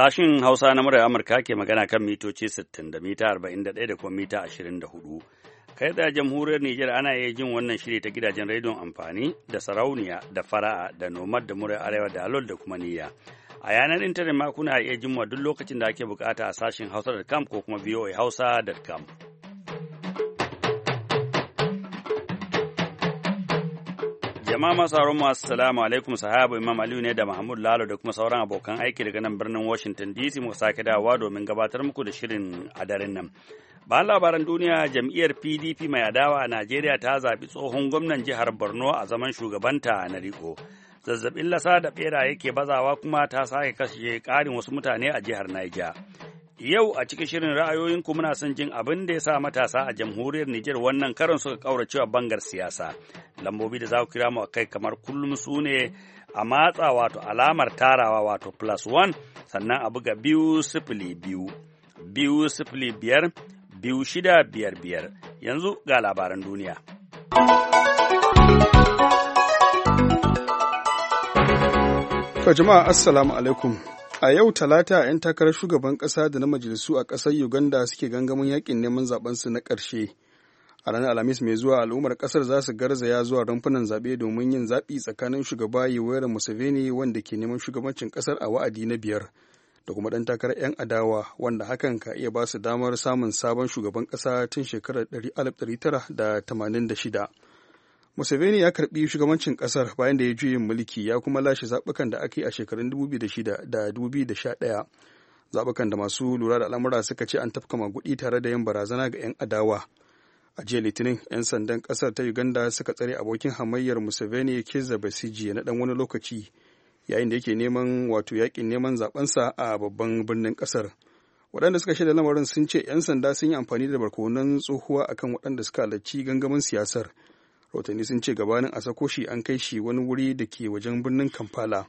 Sashin Hausa na murar Amurka ke magana kan mitoci 60 da mita 41 da kuma mita 24. Kai da jamhuriyar Nijar ana iya jin wannan shiri ta gidajen rediyon amfani da sarauniya da fara'a da nomad da murar arewa da alol da kuma niyya. A yanar intanet ma kuna iya jin duk lokacin da ake bukata a sashin hausa.com ko kuma Hausa.com. jama'a masu sauran mu assalamu alaikum sahabu Imam Aliyu ne da Mahmud Lalo da kuma sauran abokan aiki daga nan birnin Washington DC mu sake dawowa domin gabatar muku da shirin a daren nan. Bayan labaran duniya jam'iyyar PDP mai adawa a Najeriya ta zaɓi tsohon gwamnan jihar Borno a zaman shugabanta na riko. Zazzabin lasa da bera yake bazawa kuma ta sake kashe ƙarin wasu mutane a jihar Niger. Yau a cikin shirin ra'ayoyinku muna son jin abin da ya sa matasa a jamhuriyar Nijar wannan karin suka kauracewa bangar siyasa. Lambobi da za ku kira mu kai kamar kullum su ne a matsa wato alamar tarawa wato plus one sannan a buga biyu sifili biyu biyu sifili biyar biyu shida biyar biyar yanzu ga labaran duniya. To jama'a assalamu alaikum A yau Talata 'yan takarar shugaban ƙasa da na majalisu a ƙasar Uganda suke gangamin yakin neman zaɓensu na ƙarshe. A ranar Alhamis mai zuwa al'ummar ƙasar za su garzaya zuwa rumfunan zaɓe domin yin zaɓi tsakanin shugaba Yoweri Museveni wanda ke neman shugabancin ƙasar a wa'adi na biyar da kuma ɗan takarar 'yan adawa wanda hakan ka iya ba su damar samun sabon shugaban ƙasa tun shekarar 1986. Museveni ya karbi shugabancin kasar bayan da ya yin mulki ya kuma lashe zaɓukan da aka yi a shekarun 2006 da 2011 zaɓukan da masu lura da al'amura suka ce an tafka magudi tare da yin barazana ga 'yan adawa. A jiya Litinin, 'yan sandan kasar ta Uganda suka tsare abokin hamayyar Museveni Kizza Besigye na dan wani lokaci yayin da yake neman wato yakin neman sa a babban birnin kasar Waɗanda suka shaida lamarin sun ce 'yan sanda sun yi amfani da barkonan tsohuwa akan waɗanda suka halarci gangamin siyasar. rahotanni sun ce gabanin a sako shi an kai shi wani wuri da ke wajen birnin kampala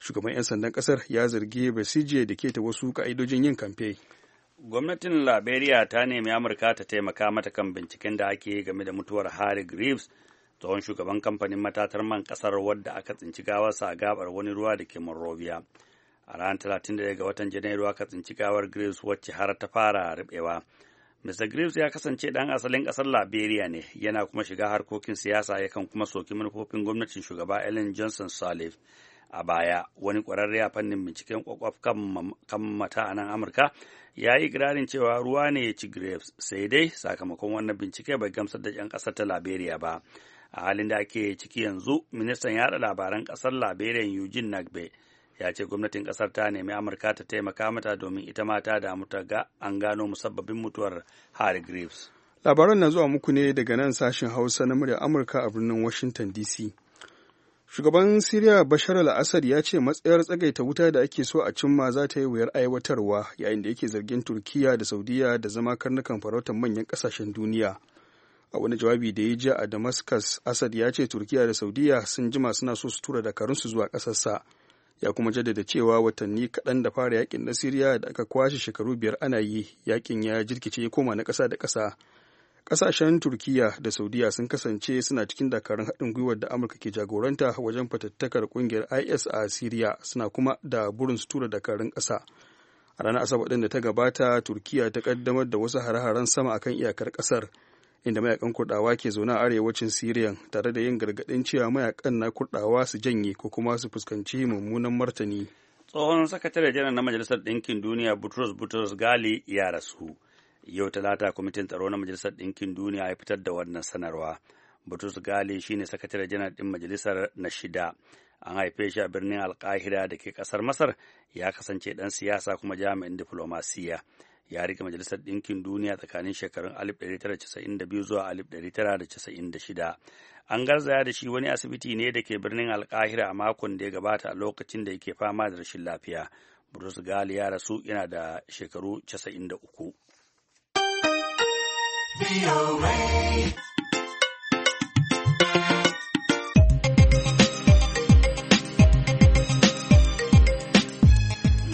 shugaban 'yan sandan kasar ya zargi basije da keta wasu ka'idojin yin kamfe gwamnatin liberia ta nemi amurka ta taimaka mata kan binciken da ake yi game da mutuwar harry greaves tsohon shugaban kamfanin matatar man kasar wadda aka tsinci gawarsa a gabar wani ruwa da ke monrovia a ranar 31 ga watan janairu aka tsinci gawar greaves wacce har ta fara ribewa Mr. Graves ya kasance ɗan asalin ƙasar Liberia ne, yana kuma shiga harkokin siyasa yakan kuma soki manufofin gwamnatin shugaba Ellen Johnson Sirleaf. A baya, wani ƙwararre a fannin binciken ƙwaƙwaf kan mata a nan Amurka ya yi ikirarin cewa ruwa ne ya ci Graves, sai dai sakamakon wannan bincike bai gamsar da 'yan ƙasar ta Liberia ba. A halin da ake ciki yanzu, ministan yaɗa labaran ƙasar Liberia Eugene Nagbe ya ce gwamnatin kasar ta nemi amurka ta taimaka mata domin ita mata ta damu ga an gano musabbabin mutuwar harry graves labaran na zuwa muku ne daga nan sashen hausa na murya amurka a birnin washington dc shugaban siriya bashar al-assad ya ce matsayar tsagaita wuta da ake so a cimma za ta yi wuyar aiwatarwa yayin da yake zargin turkiya da saudiya da zama karnukan farautar manyan kasashen duniya a wani jawabi da ya ji a damascus assad ya ce turkiya da saudiya sun jima suna so su tura dakarunsu zuwa ƙasarsa ya kuma jaddada cewa watanni kaɗan da fara yakin na siriya da aka kwashe shekaru biyar ana yi yakin ya jirkice koma na ƙasa da ƙasa ƙasashen turkiya da saudiya sun kasance suna cikin dakarun haɗin gwiwar da amurka ke jagoranta wajen fatattakar ƙungiyar is a siriya suna kuma da burin su tura dakarun ƙasa a ranar asabar ɗin da ta gabata turkiya ta ƙaddamar da wasu hare-haren sama akan iyakar ƙasar inda mayakan kurdawa ke zaune a arewacin siriyan tare da yin gargaɗin cewa mayakan na kurdawa su janye ko kuma su fuskanci mummunan martani tsohon sakatare janar na majalisar ɗinkin duniya butrus butrus gali ya rasu yau talata kwamitin tsaro na majalisar ɗinkin duniya ya fitar da wannan sanarwa butrus gali shine sakatare janar ɗin majalisar na shida an haife shi a birnin alkahira da ke ƙasar masar ya kasance ɗan siyasa kuma jami'in diflomasiya ya rike majalisar ɗinkin duniya tsakanin shekarun 1992 zuwa 1996 an garzaya da shi wani asibiti ne da ke birnin alkahira a makon da ya gabata a lokacin da yake fama da rashin lafiya bruce gali ya rasu yana da shekaru 93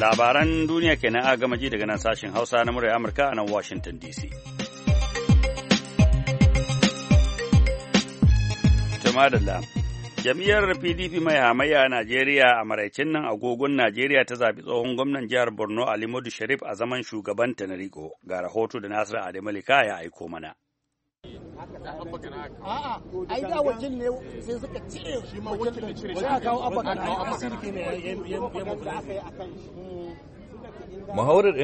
labaran duniya kenan a gama ji daga nan sashen hausa na murai amurka a nan washington dc Jama'a jam'iyyar pdp mai hamayya a najeriya a maraicin nan agogon najeriya ta zaɓi tsohon gwamnan jihar borno ali modu sharif a zaman shugabanta na riko ga rahoto da nasiru adamalika ya aiko mana A'a, ai da suka Muhawarar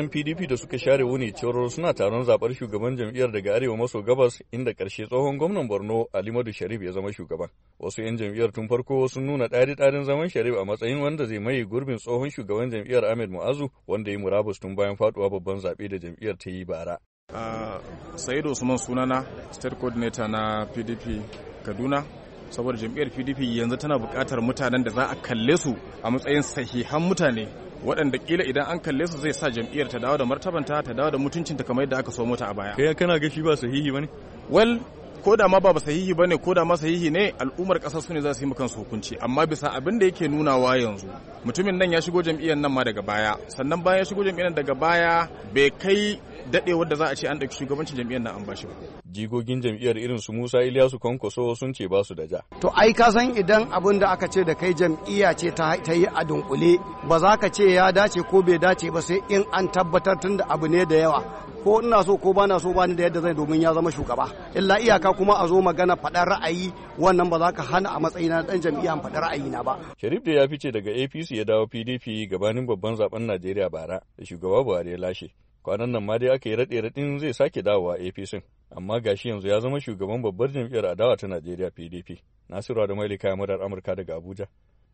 da suka share wuni cewar suna taron zaɓar shugaban jam'iyyar daga arewa maso gabas inda ƙarshe tsohon gwamnan Borno Alimadu Sharif ya zama shugaban. Wasu 'yan jam'iyyar tun farko sun nuna ɗari ɗarin zaman Sharif a matsayin wanda zai maye gurbin tsohon shugaban jam'iyyar Ahmed Mu'azu wanda ya murabus tun bayan faɗuwa babban zaɓe da jam'iyyar ta yi bara. Uh, da Usman sunana state coordinator na PDP Kaduna saboda jam'iyyar PDP yanzu tana buƙatar mutanen da za a kalle su a matsayin sahihan mutane waɗanda kila idan an kalle su zai sa jam'iyyar ta dawo da martabanta ta dawo da mutuncinta kamar yadda aka so mata a baya. Kai kana gashi ba sahihi bane? Well, ko da ma ba sahihi bane ko da ma sahihi ne al'ummar ƙasar su ne za su yi kansu hukunci amma bisa abin da yake nunawa yanzu mutumin nan ya shigo jam'iyyar nan ma daga baya sannan bayan ya shigo jam'iyyar daga baya bai kai dadewar da za a ce an ɗauki shugabancin jam'iyyar nan an bashi ba. Jigogin jam'iyyar irin su Musa Ilyasu Kwankwaso sun ce ba su da ja. To ai ka san idan abin da aka ce da kai jam'iyya ce ta yi a dunkule ba za ka ce ya dace ko bai dace ba sai in an tabbatar tun da abu ne da yawa ko ina so ko bana so bani da yadda zai domin ya zama shugaba illa iyaka kuma a zo magana faɗar ra'ayi wannan ba za ka hana a matsayina dan jam'iyya faɗar ra'ayina ba Sharif da ya fice daga APC ya dawo PDP gabanin babban zaben Najeriya bara da shugaba Buhari ya lashe kwanan nan ma dai aka yi raɗe raɗin zai sake dawowa apc amma gashi yanzu ya zama shugaban babbar jam'iyyar adawa ta najeriya pdp nasiru da mailika ya murar amurka daga abuja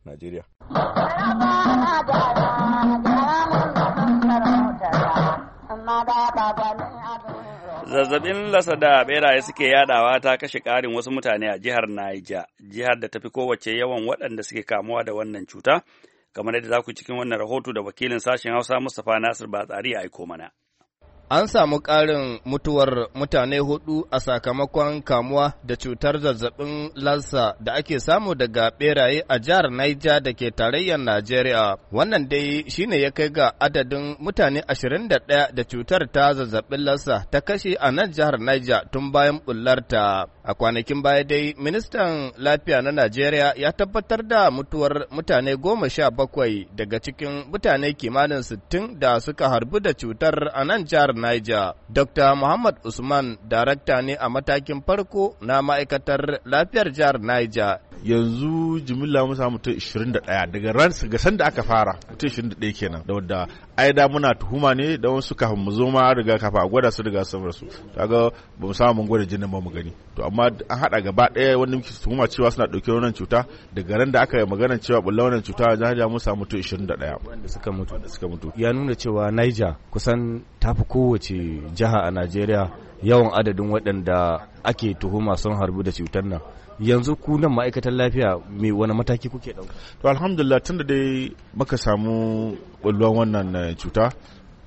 najeriya zazzabin lasa da beraye suke yadawa ta kashe karin wasu mutane a jihar Niger, jihar da tafi kowace yawan waɗanda suke kamuwa da wannan cuta kamar yadda za ku cikin wannan rahoto da wakilin sashen hausa mustapha nasir Batsari tsari ya aiko mana An samu ƙarin mutuwar mutane hudu a sakamakon kamuwa da cutar zazzabin lassa da ake samu daga beraye a jihar Naija da ke tarayyar Najeriya. Wannan dai shine ya kai ga adadin mutane 21 da cutar ta zazzabin lassa ta kashe a nan jihar Naija tun bayan bullarta. A kwanakin baya dai, ministan lafiya na Najeriya ya tabbatar da mutuwar mutane goma sha bakwai daga cikin mutane kimanin sittin da suka harbu da cutar a nan jihar Niger. Dr. Muhammad Usman darakta ne a matakin farko na ma'aikatar lafiyar jihar Niger. Yanzu jimilla mun samu mutum 21 daga ran ga sanda aka fara mutum 21 kenan da wadda ai da muna tuhuma ne da wasu kafin mu zo ma riga kafa a gwada su riga sun rasu kaga ba mu samu mun gwada jinin ba mu gani to amma an hada gaba daya wanda muke tuhuma cewa suna dauke wannan cuta daga ran da aka yi magana cewa bulla wannan cuta a jihar mun samu mutum 21 wanda suka mutu suka mutu ya nuna cewa Niger kusan tafi ko kowace jiha a najeriya yawan adadin waɗanda ake tuhuma sun harbu da cutar nan yanzu ku nan ma'aikatan lafiya mai wani mataki kuke ɗauka to alhamdulillah da dai muka samu ƙwallon wannan eh, cuta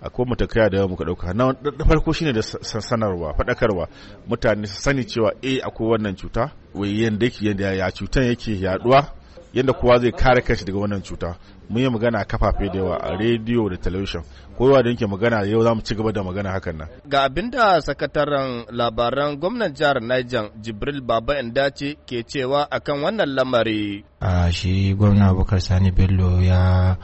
akwai matakai da muka ɗauka na farko shine da sanarwa faɗakarwa mutane su sani cewa eh akwai wannan cuta wai yanda ya cutan yake yaɗuwa. yadda kowa zai kare kanshi daga wannan cuta mun yi magana a kafafe da yawa a rediyo da talabishin kowa da yake magana yau za mu ci gaba da magana hakan nan ga abin da sakataren labaran gwamnan jihar Niger Jibril Baba Indace ke cewa akan wannan lamari a shi gwamna Abubakar Sani Bello ya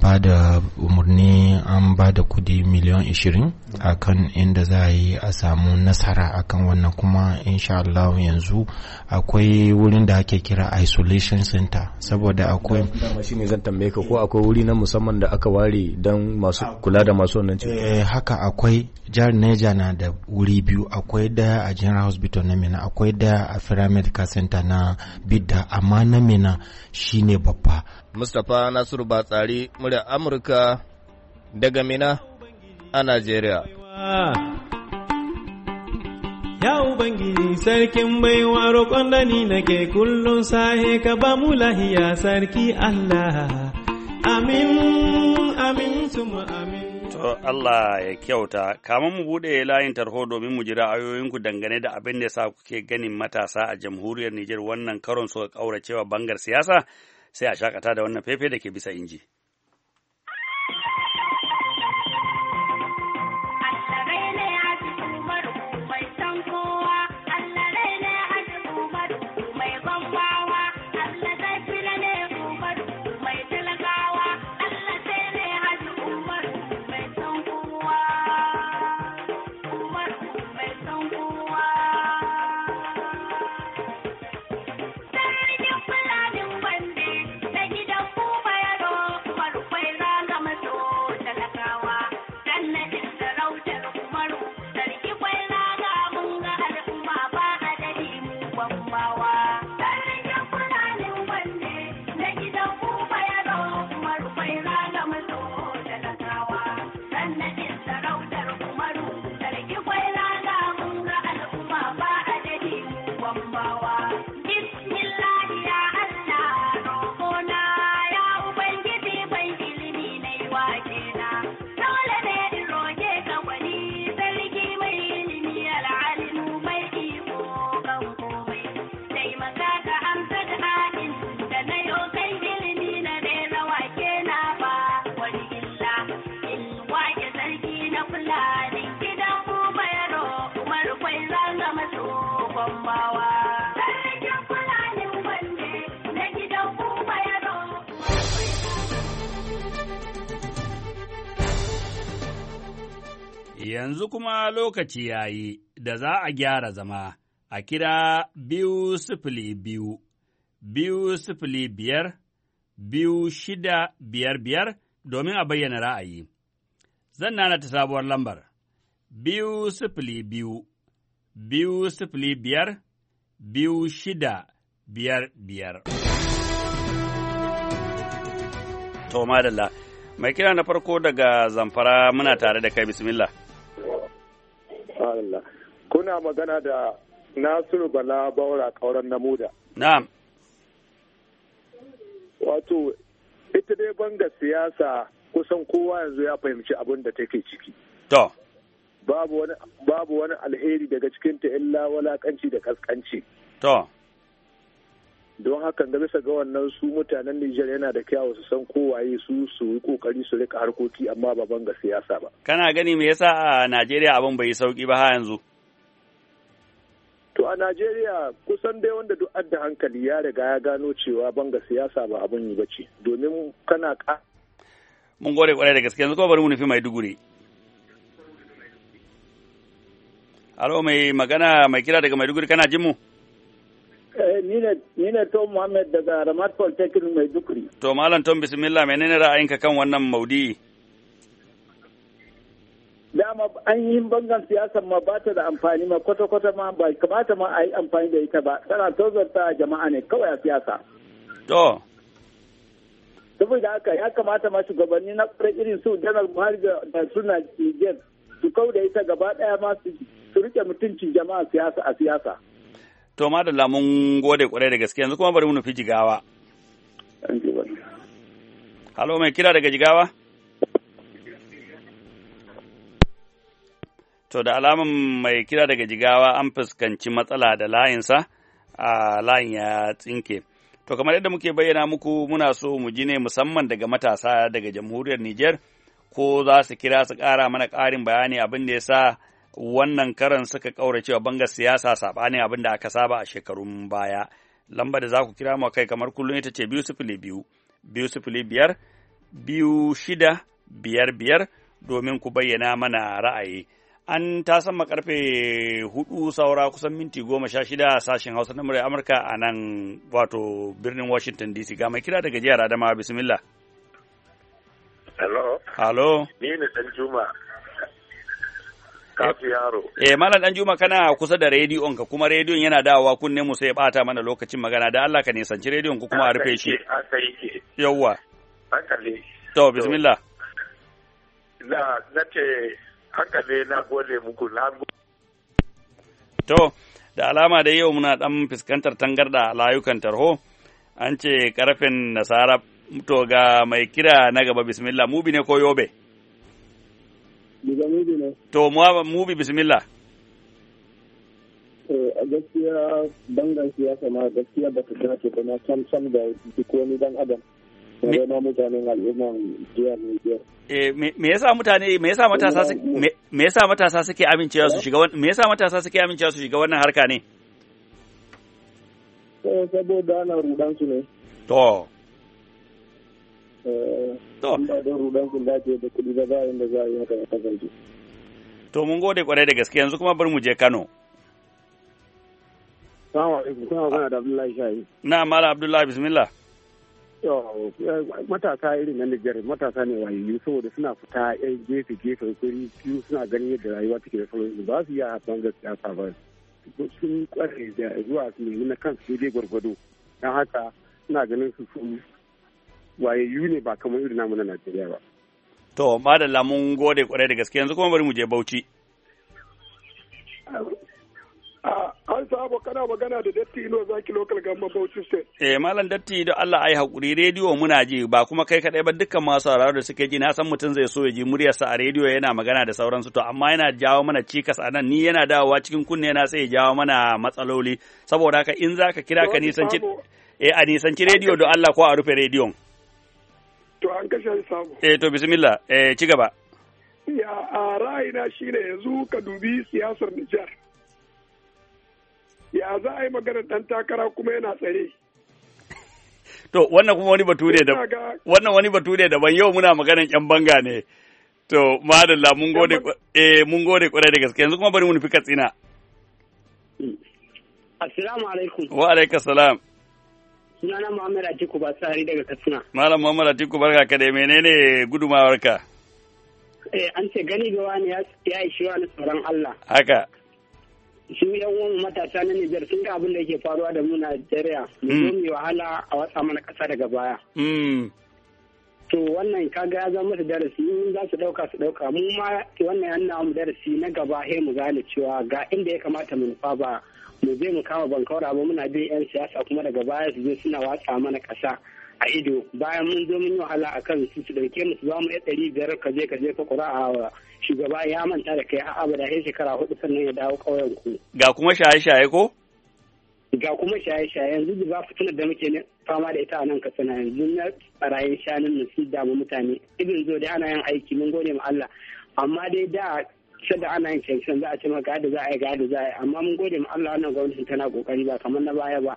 ba da umarni an ba da kudi miliyan 20 a kan inda za a yi a samu nasara a kan wannan kuma insha Allah yanzu akwai wurin da ake kira isolation center saboda akwai shi ne zan tambaye ka ko akwai wuri na musamman da aka ware don masu kula da masu wannan cikin. Eh, haka akwai jihar neja na da wuri biyu akwai da a general hospital na Mina akwai da a paramedical center na Bidda amma na Mina shine babba Mustapha Nasiru Batsari murya Amurka daga Mina a Najeriya. Ya Ubangiji sarkin baiwa roƙon da ni nake kullum sahe ka ba mu lahiya sarki Allah. Amin, amin, suma amin. To Allah ya kyauta, kama mu buɗe layin tarho domin mu jira ayoyinku dangane da abin da sa kuke ganin matasa a jamhuriyar Nijar wannan karon suka ƙauracewa bangar siyasa. sai a shakata da wannan fefe da ke bisa inji. Yanzu kuma lokaci ya yi da za a gyara zama a kira biyu sifili biyu, biyu sifili biyar, biyu shida biyar biyar domin a bayyana ra'ayi. Zan nana ta sabuwar lambar, biyu sifili biyu, biyu sifili biyar, biyu shida biyar biyar. To, madalla, mai kira na farko daga zamfara muna tare da kai bismillah. Allah. kuna magana da Nasiru Bala Baura kauran Namuda na'am wato ita dai banga siyasa kusan kowa yanzu ya fahimci abin da take ciki to babu wani alheri daga cikinta illa illa kanci da kaskanci to don hakan ga bisa ga wannan su mutanen Nijar yana da kyawu su san kowaye su su yi kokari su rika harkoki amma ba banga siyasa ba kana gani me yasa a Najeriya abin bai sauki ba ha yanzu to a Najeriya kusan dai wanda duk adda hankali ya riga ya gano cewa banga siyasa ba abin yi bace domin kana ka mun gode kwarai da gaske yanzu ko bari mu nufi dugure Alo mai magana mai kira daga Maiduguri kana jin mu? Eh, ni ne Tom Muhammad daga Ramat Polytechnic Maiduguri. To, Malam Tom Bismillah, menene ra'ayinka kan wannan maudi? Dama an yi bangan siyasa ma ba ta da amfani ma kwata-kwata ma ba kamata ma a yi amfani da ita ba. Tana tozarta jama'a ne kawai a siyasa. To. Saboda haka ya kamata ma shugabanni na irin su Janar Buhari da suna Niger su kau da ita gaba ɗaya ma su rike mutuncin jama'a siyasa a siyasa. To ma da lamun gode kwarai da gaske yanzu kuma bari mu nufi jigawa. Halo mai kira daga jigawa? To da alaman mai kira daga jigawa an fuskanci matsala da layinsa a layin ya tsinke. To kamar yadda muke bayyana muku muna so mu ji ne musamman daga matasa daga jamhuriyar Nijar ko za su kira su ƙara mana ƙarin bayani abin da ya sa wannan karan suka cewa bangar siyasa saɓanin abin da aka saba a shekarun baya. Lamba da za ku kira mu kai kamar kullum ita ce biyu sifili biyu, biyu sifili biyar, biyu shida biyar biyar domin ku bayyana mana ra'ayi. An ta sama karfe hudu saura kusan minti goma sha shida sashen Hausa na murai Amurka a nan wato birnin Washington DC ga mai kira daga jihar adama bismillah. Hello. Hello. Ni ne Dan Kafi eh, yaro. Eh Malam kana kusa da rediyon ka kuma rediyon yana dawowa kunne mu sai ya bata mana lokacin magana da Allah ka nisanci rediyon ku kuma a rufe shi. Yawwa. To bismillah. Na na ce hankali na gode muku na To da alama da yau muna dan fuskantar tangarda a layukan tarho an ce karfin nasara to ga mai kira na gaba bismillah mubi ne ko yobe. Daga mubi ne. To, mubi bismillah. a gaskiya bangan siyasa ma gaskiya ba ta dace ba na sam sam da duk wani dan adam. ne ma mutanen al'umman jiya Nijar. Eh, me yasa mutane me yasa matasa suke me yasa matasa suke amincewa su shiga me yasa matasa suke amincewa su shiga wannan harka ne? Eh, saboda ana rudan su ne. To. to to mun gode kwarai da gaske yanzu kuma bari mu je Kano na mala Abdullahi bismillah matasa irin na Nijar matasa ne wayayyu saboda suna fita yan gefe gefe kuri biyu suna ganin yadda rayuwa take da sauransu ba su iya haɗuwan gaskiya sa ba sun kware da zuwa su nemi na kansu daidai gwargwado don haka suna ganin su wayayyu ne ba kamar irin namu na Najeriya ba. To, madalla mun gode kwarai da gaske yanzu kuma bari mu je Bauchi. An sabo kana magana da Datti Ino Zaki Local gamba Bauchi State. Eh, Malam Datti da Allah ai Haƙuri, rediyo muna ji ba kuma kai kaɗai ba dukkan masu sauraro da suke ji na san mutum zai so ya ji muryarsa a rediyo yana magana da sauransu to amma yana jawo mana cikas a nan ni yana dawowa cikin kunne na sai ya jawo mana matsaloli saboda haka in zaka kira ka nisanci eh a nisanci rediyo don Allah ko a rufe rediyon. To an kashe samu. Eh to bismillah eh ci gaba. Ya a ra'ayina shine yanzu ka dubi siyasar Nijar. Ya za a yi magana dan takara kuma yana tsare. To wannan kuma wani batu ne da wannan wani batu ne daban yau muna maganan ƴan banga ne. To madalla mun gode eh mun gode kwarai da gaske yanzu kuma bari mu nufi katsina. Assalamu alaikum. Wa alaikum salam. Sunana Muhammad Atiku Basari daga Katsina. Malam Muhammad Atiku barka ka da menene gudumawarka? Eh an ce gani ga wani ya ishi na tsaron Allah. Haka. Su yan uwan matasa na Nijar sun ga abin da yake faruwa da mu Najeriya. Mu zo hmm. mu wahala a watsa mana kasa daga baya. Hmm. to wannan kaga ya zama masa darasi in za su dauka su dauka mu ma wannan yana mu darasi na gaba he mu gane cewa ga inda ya kamata mu nufa ba mu je mu kama bankaura ba muna bin yan siyasa kuma daga baya su je suna watsa mana kasa a ido bayan mun zo mun yi wahala a kan su su dauke mu su ba mu ɗari biyar ka je ka je ka kura a shugaba ya manta da kai a abada sai shekara hudu sannan ya dawo ƙauyen ku ga kuma shaye-shaye ko ga kuma shaye-shaye yanzu ba fitina da muke fama da ita a nan katsina yanzu na barayin shanun nan sun damu mutane ibin zo da ana yin aiki mun gode ma Allah amma dai da sada ana yin cancan za a ce maka da za a yi ga da za a yi amma mun gode ma Allah wannan gwamnati tana kokari ba kamar na baya ba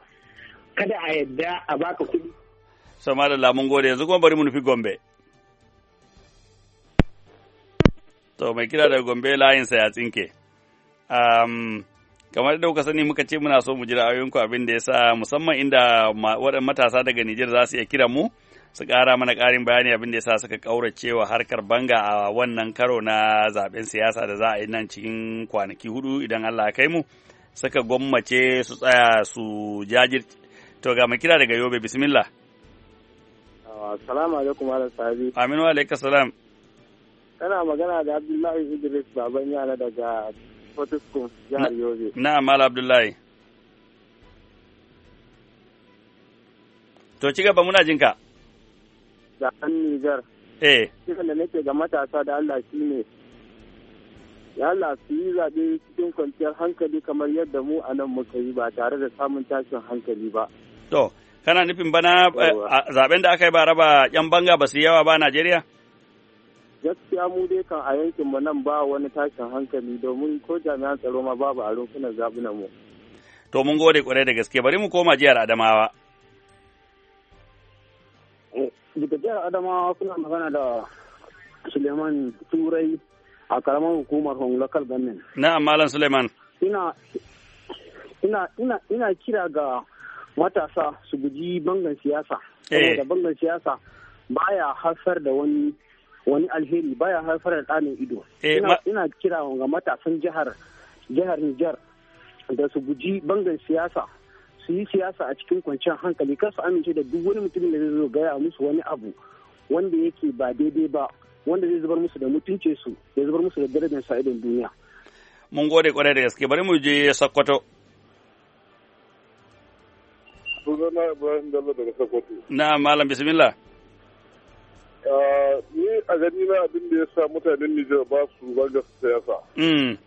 kada a yadda a baka kuɗi. ma da mun gode yanzu kuma bari mu nufi gombe. to mai kira da gombe layin sa ya tsinke. Um, kamar da kuka sani muka ce muna so mu ji ra'ayoyinku abin da ya musamman inda waɗannan matasa daga Nijar za su iya kira mu su ƙara mana ƙarin bayani abin da ya sa suka cewa harkar banga a wannan karo na zaben siyasa da za a yi nan cikin kwanaki hudu idan Allah ya kai mu suka gwammace su tsaya su jajir to ga kira daga Yobe bismillah Assalamu alaikum ala Sabi Aminu alaikum salam Kana magana da Abdullahi Idris baban yana daga Fatisko jihar Abdullahi. To ci gaba muna jinka. Da kan Nijar. Eh. Cikin da nake ga matasa da Allah shi ne. Ya Allah su yi zaɓe cikin kwanciyar hankali kamar yadda mu a nan muka yi ba tare da samun tashin hankali ba. To, kana nufin bana eh, zaɓen da aka yi ba raba 'yan banga ba su yawa ba a Najeriya? gaskiya mu dai kan a yankin mu nan ba wani tashin hankali domin ko jami'an tsaro ma babu a rumfunan zaɓunan mu. To mun gode kwarai da gaske bari mu koma jihar Adamawa. Daga jihar Adamawa kuna magana da Suleiman Turai a karamar hukumar Hong Local Government. Na'am Malam Suleiman. Ina ina ina ina kira ga matasa su guji bangan siyasa. Eh. da bangan siyasa baya haifar da wani wani alheri baya haifar da ɗanin ido eh, ina kira ga matasan jihar jihar Nijar da su guji bangan siyasa su yi siyasa a cikin kwanciyar hankali kar su amince da duk wani mutum da zai zo gaya musu wani abu wanda yake ba daidai ba wanda zai zubar musu da mutunce su ya zubar musu da darajar sa idon duniya mun gode kwarai da gaske bari mu je sakkwato Na Malam Bismillah. ni a gani na abin da ya sa mutanen Nijar ba su zanga siyasa. Mm.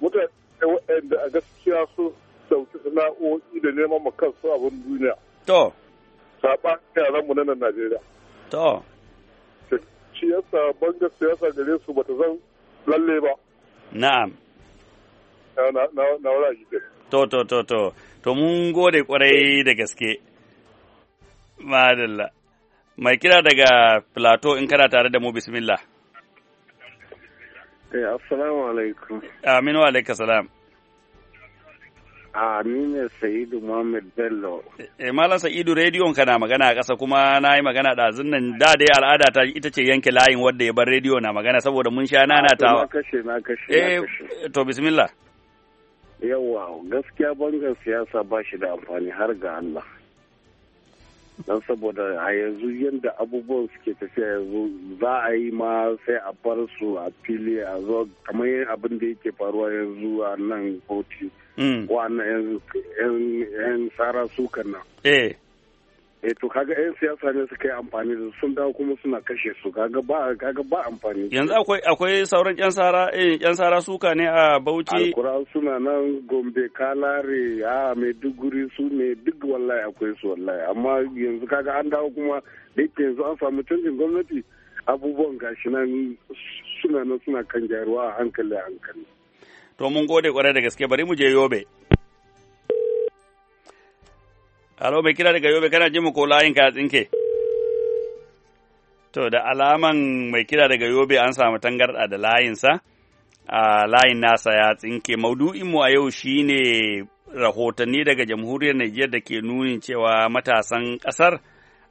Mutane waɗanda a gaskiya su sauki sana'o'i da neman ma kansu abin duniya. To. Saɓa yaran mu na Najeriya. To. Shi banga siyasa gare su bata zan lalle ba. Na'am. Na wala wuraji To to to to. To mun gode kwarai da gaske. Madalla. Mai kira daga Plateau in kana tare da mu bismillah. Eh, assalamu alaikum. Amin wa alaikum salam. A ah, ni ne Sa'idu Muhammad Bello. Eh, eh, Malam Sa'idu rediyon kana magana a ƙasa kuma na yi magana da nan da dai al'ada ta ita ce yanke layin wadda ya bar radio na magana saboda mun sha nana ta. Ah, na kashe na kashe. Eh, to bismillah. Yawwa gaskiya bangar siyasa ba shi da amfani har ga Allah. don saboda a yanzu yadda abubuwan suke tafiya yanzu za a yi ma sai a bar su a fili a zo kamar yin abin da yake faruwa yanzu a nan mm. koti yanzu yan tsara sukan nan eh. eh to kaga yan siyasa ne suka yi amfani da sun dawo kuma suna kashe su kaga ba kaga ba amfani yanzu akwai akwai sauran yan sara eh yan sara suka ne a Bauchi alkuran suna nan Gombe Kalare a Maiduguri su ne duk wallahi akwai su wallahi amma yanzu kaga an dawo kuma da yake yanzu an samu canjin gwamnati abubuwan gashi nan suna nan suna kan gyaruwa a hankali a hankali to mun gode kwarai da gaske bari mu je Yobe Alo mai kira daga Yobe kana jin mu ko layin ka tsinke? To da alaman mai kira daga Yobe an samu tangarɗa da layinsa, a layin nasa ya tsinke. mu a yau shine rahotanni daga jamhuriyar Najeriya da ke nunin cewa matasan ƙasar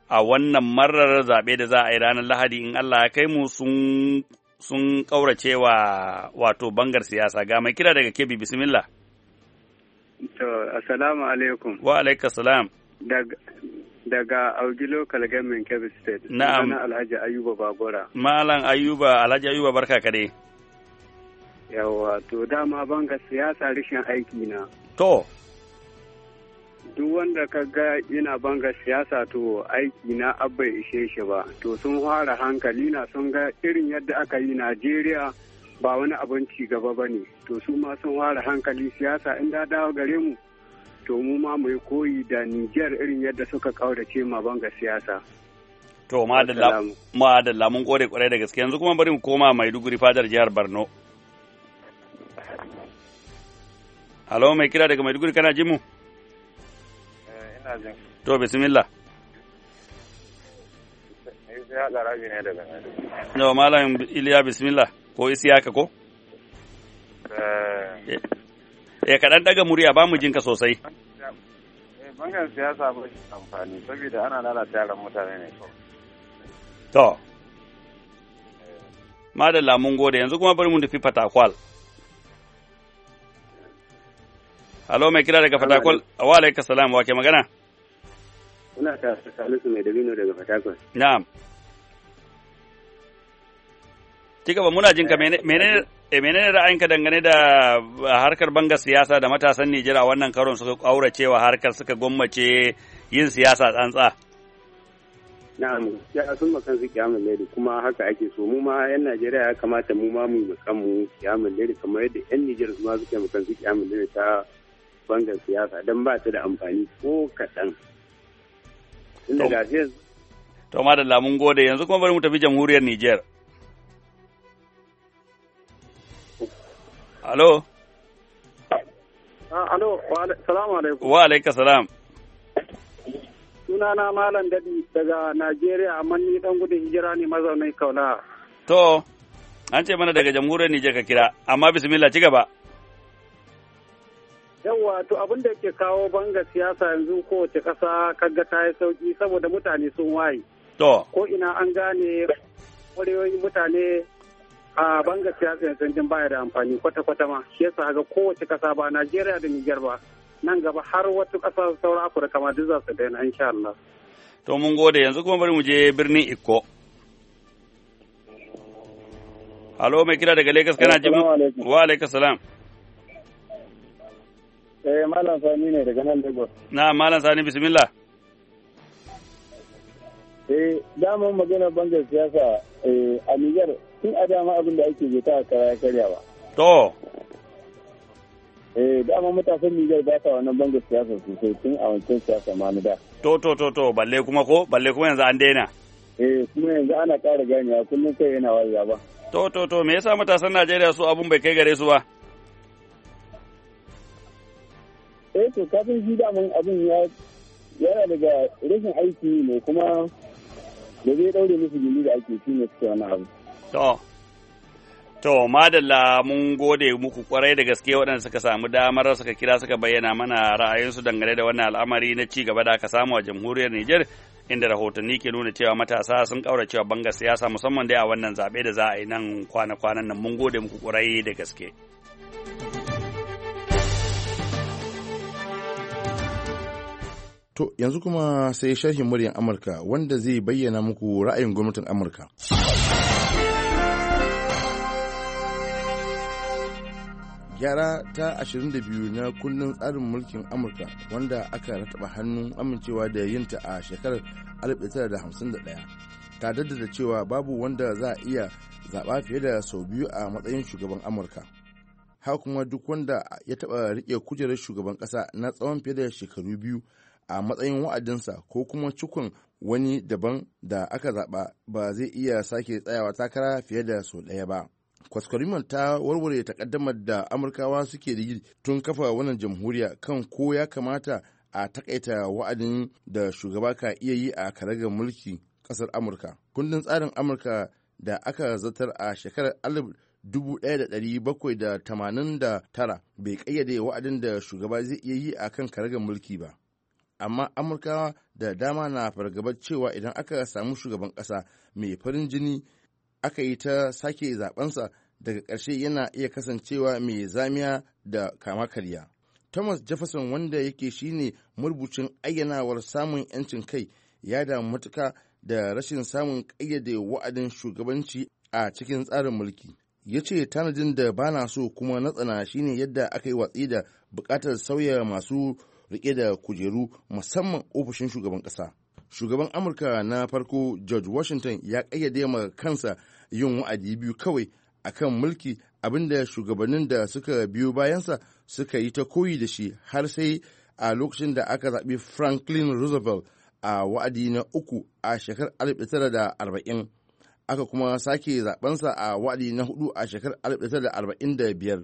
a wannan marar zaɓe da za a yi ranar Lahadi in Allah ya kai mu sun sun ƙauracewa wato bangar siyasa ga mai kira daga kebi bismillah. To, assalamu alaikum. Wa alaika salam. daga Audi Local Government Kebbi State. Na'am. na Alhaji Ayuba Babura. Malam Ayuba, Alhaji Ayuba barka ka dai. Yawwa, to dama banga siyasa rashin aiki na. To. Duk wanda ka ga yana banga siyasa to aiki na abba ishe shi ba. To sun fara hankali na sun ga irin yadda aka yi Najeriya ba wani abin ci gaba ba ne. To su ma sun fara hankali siyasa in da dawo gare mu. to mu ma mu koyi da Nijar irin yadda suka kaurace ma banga siyasa. To madalla mun kore kwarai da gaske yanzu kuma bari mu koma Maiduguri fadar jihar Borno. Halo mai kira daga Maiduguri kana jimu? mu? Eh, ina jin. To bismillah. Isiya Larabi ne daga Maiduguri. Yau malam Iliya bismillah ko Isiyaka ko? Eh Eh kaɗan daga murya ba mu jin ka sosai. Eh, Bangar siyasa ba shi amfani saboda ana lalata yaran mutane ne To. Madalla mun gode yanzu kuma bari mu tafi Fatakwal. Halo mai kira daga Fatakwal. Wa alaikum salam wa ke magana? Ina ta Salisu mai dabino daga Fatakwal. Na'am. Ci gaba muna jin ka eh, menene E menene ra'ayinka dangane da eh, harkar banga siyasa da matasan Nijar a wannan karon suka cewa harkar suka gwammace yin siyasa tsantsa? Na'am, ya sun makan su kiyamun lairi kuma haka ake so mu ma 'yan Najeriya ya kamata mu ma mu makan mu kiyamun lairi kamar yadda 'yan Nijar su ma suke makan su kiyamun lairi ta bangar siyasa don ba ta da amfani ko kaɗan. Inda ga To, madalla gode yanzu kuma bari mu tafi jamhuriyar Nijar. Alo. Ah, alo, salamu alaikum. Wa alaika salam. Sunana Malam Dadi daga Najeriya, amma ni dan gudun hijira ne mazaunai Kaula. To, an ce mana daga jamhuriyar Nijar ka kira, amma bismillah ci gaba. Yawwa, to abin da ke kawo banga siyasa yanzu kowace ƙasa kaga ta yi sauki saboda mutane sun waye. To. Ko ina an gane ƙwarewoyin mutane a bangar siyasa tsayin sanjin baya da amfani kwata-kwata ma shi yasa ga kowace kasa ba najeriya da niger ba nan gaba har wata kasa sauran afirka ma duk za su daina insha Allah. to mun gode yanzu kuma bari mu je birnin ikko Halo mai kira daga Lagos kana jin wa alaikum salam. Eh Malam Sani ne daga nan Lagos. Na Malam Sani bismillah. Eh daman magana bangar siyasa eh a Niger tun a dama abin da ake zai ta kara karya ba to eh dama matasan Nijar ba ta wannan bangar siyasa sosai tun a wancan siyasa ma na da to to to to balle kuma ko balle kuma yanzu an daina eh kuma yanzu ana ƙara ganewa kullum kai yana wayewa ba to to to me yasa matasan Najeriya su abun bai kai gare su ba eh to kafin shi daman abin ya yana daga rashin aiki ne kuma da zai daure musu gini da ake shi ne suke wani abu To, to madalla mun gode muku kwarai da gaske waɗanda suka samu damar suka kira suka bayyana mana ra'ayinsu dangane da wannan al'amari na ci gaba da aka samu a jamhuriyar Nijar inda rahotanni ke nuna cewa matasa sun ƙaura cewa bangar siyasa musamman dai a wannan zaɓe da za a yi nan kwana-kwanan nan mun gode muku kwarai da gaske. To yanzu kuma sai sharhin muryar Amurka wanda zai bayyana muku ra'ayin gwamnatin Amurka. gyara ta 22 na kundin tsarin mulkin amurka wanda aka rataba hannun amincewa da yinta a shekarar 1951 ta daddada cewa babu wanda za a iya zaba fiye da sau biyu a matsayin shugaban amurka ha kuma duk wanda ya taba riƙe kujerar shugaban ƙasa na tsawon fiye da shekaru biyu a matsayin wa'adinsa ko kuma cikon wani daban da aka zaɓa ba zai iya sake tsayawa takara fiye da sau ɗaya ba. kwaskwarimar ta warware takaddamar da amurkawa suke da yi tun kafa wannan jamhuriya kan ko ya kamata a takaita wa'adin da shugaba ka iya yi a karagar mulki kasar amurka kundin tsarin amurka da aka zartar a shekarar da da bakwai tara bai kayyade wa'adin da shugaba zai iya yi a kan karagar mulki ba amma amurkawa da dama na fargabar cewa idan aka samu shugaban kasa mai farin jini aka yi ta sake zabensa daga ƙarshe yana iya kasancewa mai zamiya da kama karya. Thomas Jefferson wanda yake shine marubucin ayyanawar samun 'yancin kai ya damu matuka da rashin samun ƙayyade wa'adin shugabanci a cikin tsarin mulki. Ya ce tanadin da ba na so kuma na tsana shine yadda aka yi watsi da bukatar sauya masu riƙe da kujeru musamman ofishin shugaban ƙasa. shugaban amurka na farko george washington ya kayyade ma kansa yin wa'adi biyu kawai akan mulki abinda shugabannin da suka biyo bayansa suka yi ta koyi da shi har sai a lokacin da aka zaɓi franklin roosevelt a wa'adi na uku a shekarar 1940 aka kuma sake zaɓensa a wa'adi na hudu a shekarar 1945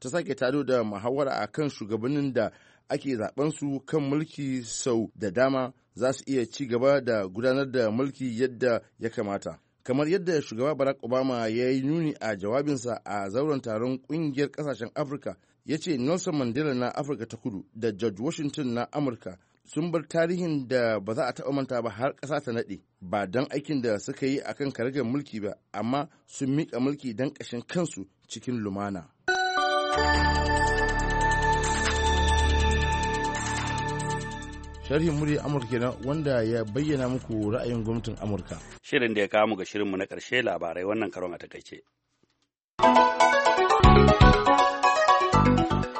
ta sake tado da muhawara a kan shugabannin da ake zaben su kan mulki sau da dama za su iya ci gaba da gudanar da mulki yadda ya kamata. kamar yadda shugaba barack obama ya yi nuni a jawabinsa a zauren taron kungiyar kasashen afirka ya ce nelson mandela na afirka ta kudu da george washington na amurka sun bar tarihin da ba za a taɓa manta ba har ƙasa ta naɗe ba don aikin da suka yi akan karagar mulki ba amma sun miƙa mulki don ƙashin kansu cikin lumana. sharhin murya amurka na wanda ya bayyana muku ra'ayin gwamnatin amurka shirin da ya kawo mu ga shirinmu na ƙarshe labarai wannan karon a takaice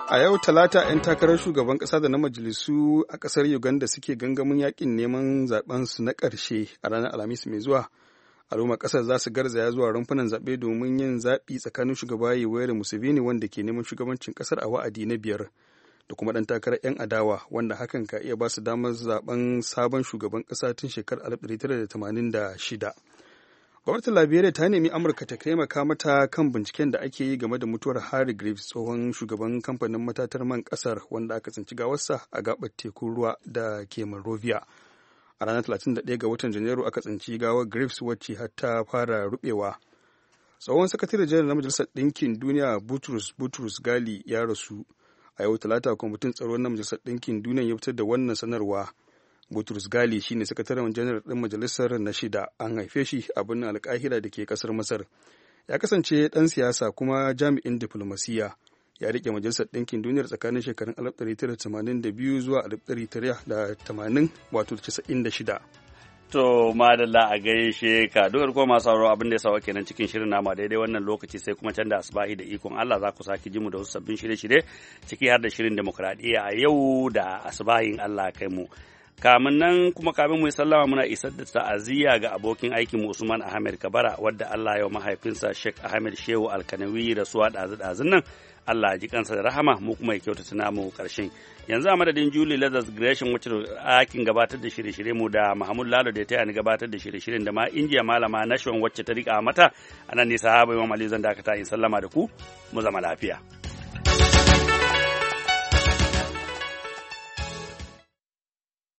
a yau talata 'yan takarar shugaban kasa da na majalisu a kasar uganda suke gangamin yakin neman su na ƙarshe a ranar alhamis mai zuwa al'umma kasar za su garzaya zuwa rumfunan zaɓe domin yin zaɓi tsakanin shugaba yoweri museveni wanda ke neman shugabancin ƙasar a wa'adi na biyar da kuma ɗan takarar 'yan adawa wanda hakan ka iya ba su damar zaben sabon shugaban ƙasa tun shekarar 1986 gwamnatin liberia ta nemi amurka ta taimaka mata kan binciken da ake yi game da mutuwar harry graves tsohon shugaban kamfanin matatar man ƙasar wanda aka tsinci gawarsa a gabar tekun ruwa da ke monrovia a ranar 31 ga watan janairu aka tsinci gawar graves wacce har fara rubewa tsohon sakatare janar na majalisar ɗinkin duniya butrus butrus gali ya rasu a yau talata kwamitin tsaro na majalisar ɗinkin duniya ya fitar da wannan sanarwa Butrus Gali shine sakataren janar ɗin majalisar na shida an haife shi a birnin alkahira da ke ƙasar Masar. Ya kasance ɗan siyasa kuma jami'in diflomasiyya. Ya riƙe majalisar ɗinkin duniya tsakanin shekarun 1982 zuwa 1980 wato 96. To madalla a gaishe ka dogar kuma masu abin da ya sawa kenan cikin shirin nama daidai wannan lokaci sai kuma can da da ikon Allah za ku sake ji mu da wasu sabbin shirye-shirye ciki har da shirin demokuraɗiyya a yau da asibahin Allah kai mu. kamin nan kuma kamin mu sallama muna isar da ta'aziyya ga abokin aikin mu Usman Ahmed Kabara wadda Allah ya mahaifinsa Sheikh Ahmed Shehu Alkanawi rasuwa dazu ɗazun nan Allah ji kansa da rahama mu kuma ya kyautata namu karshen yanzu a madadin Julie Lazarus Gresham wacce akin gabatar da shirye-shirye mu da Mahmud Lalo da ta ni gabatar da shirye-shiryen da ma injiya malama Nashon wacce ta rika mata anan ne sahaba Imam Ali zan dakata in sallama da ku mu zama lafiya